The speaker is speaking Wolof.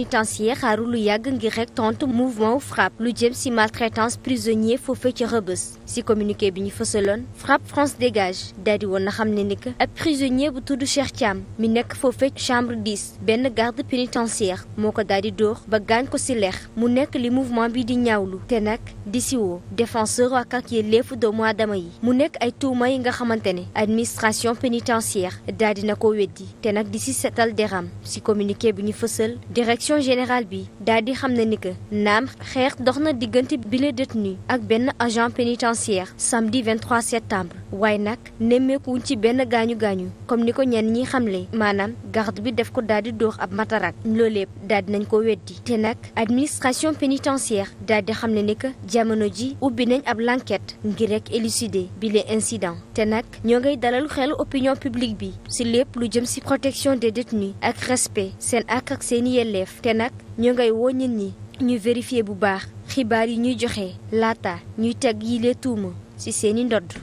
pénitentiaire xaaru lu yàgg ngir rek tontu mouvement wu FRAPP lu jëm ci maltraitance prisonnier foofe ca Rebeuss ci communiqué bi ñu fësaloon FRAPP France dégage daldi na xam ne ni que ab prisonnier bu tudd Cheikh Thiam mi nekk foofe chambre 10 benn ba gaañ ko ci lex mu nekk li mouvement bi di ñaawlu te nag di ci woo défenseur ak ak yelleefu doomu aadama yi mu nekk ay tuuma yi nga xamante ne administration pénitentiaire daldi na di ci setal ñu fësal direction général générale bi daal di xam ne ni que naam xeex dox na diggante bile détenu ak benn agent pénitentiaire samedi 23 septembre waaye nag nemmeekuwuñ ci benn gaañu gaañu comme ni ko ñenn ñi xamle maanaam garde bi def ko daal di dóor ab matarak loolu lépp daal di nañ ko weddi te nag administration pénitentiaire daal di xam ne ni que jamono ji ubbi nañ ab l'enquête ngir rek élucider bile incident te nag ñoo ngay dalal xelu opinion publique bi si lépp lu jëm si protection des détenus ak respect seen ak seen yelleef te nag ñu ngay woo ni ñi ñu vérifier bu baax xibaar yi ñuy joxe laata ñuy teg yile tuuma ci seeni ndodd